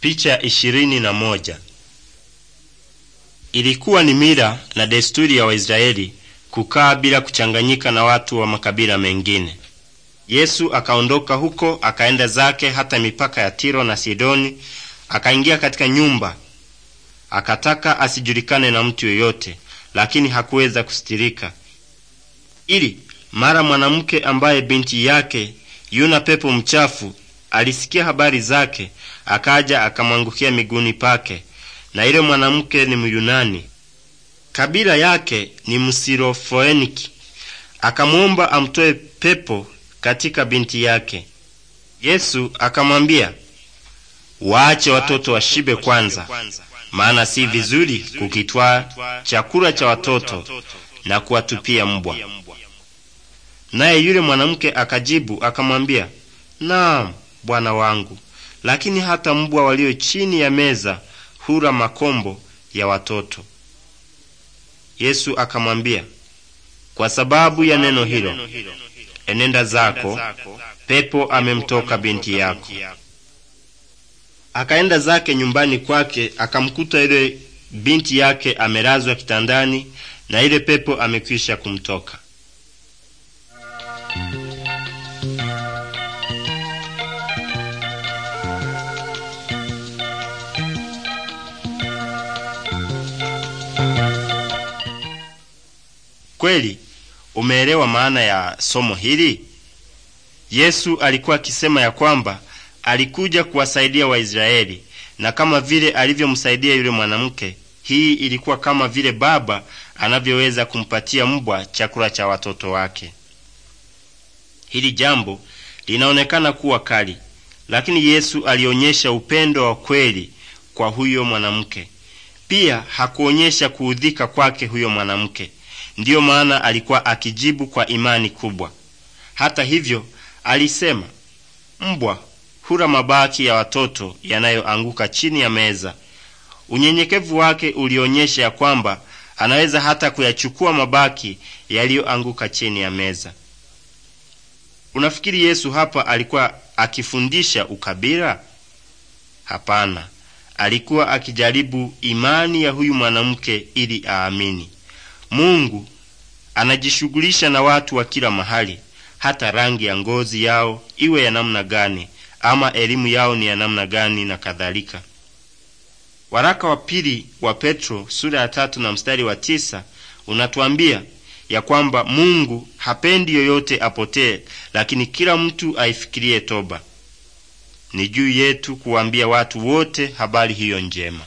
Picha ishirini na moja. Ilikuwa ni mila na desturi ya Waisraeli kukaa bila kuchanganyika na watu wa makabila mengine. Yesu akaondoka huko akaenda zake hata mipaka ya Tiro na Sidoni, akaingia katika nyumba, akataka asijulikane na mtu yoyote, lakini hakuweza kusitirika. Ili mara mwanamke ambaye binti yake yuna pepo mchafu alisikia habari zake, akaja akamwangukia miguuni pake. Na ile mwanamke ni Myunani, kabila yake ni Msirofoeniki. Akamwomba amtoe pepo katika binti yake. Yesu akamwambia, waache watoto washibe kwanza, maana si vizuri kukitwaa chakula cha watoto na kuwatupia mbwa. Naye yule mwanamke akajibu akamwambia, naam bwana wangu, lakini hata mbwa walio chini ya meza hula makombo ya watoto. Yesu akamwambia, kwa sababu ya neno hilo, enenda zako, pepo amemtoka binti yako. Akaenda zake nyumbani kwake, akamkuta ile binti yake amelazwa kitandani na ile pepo amekwisha kumtoka. Kweli umeelewa maana ya somo hili? Yesu alikuwa akisema ya kwamba alikuja kuwasaidia Waisraeli, na kama vile alivyomsaidia yule mwanamke, hii ilikuwa kama vile baba anavyoweza kumpatia mbwa chakula cha watoto wake. Hili jambo linaonekana kuwa kali, lakini Yesu alionyesha upendo wa kweli kwa huyo mwanamke. Pia hakuonyesha kuudhika kwake huyo mwanamke, Ndiyo maana alikuwa akijibu kwa imani kubwa. Hata hivyo, alisema mbwa hula mabaki ya watoto yanayoanguka chini ya meza. Unyenyekevu wake ulionyesha ya kwamba anaweza hata kuyachukua mabaki yaliyoanguka chini ya meza. Unafikiri Yesu hapa alikuwa akifundisha ukabila? Hapana, alikuwa akijaribu imani ya huyu mwanamke ili aamini. Mungu anajishughulisha na watu wa kila mahali, hata rangi ya ngozi yao iwe ya namna gani, ama elimu yao ni ya namna gani na kadhalika. Waraka wa pili wa Petro sura ya tatu na mstari wa tisa unatuambia ya kwamba Mungu hapendi yoyote apotee, lakini kila mtu aifikirie toba. Ni juu yetu kuwaambia watu wote habari hiyo njema.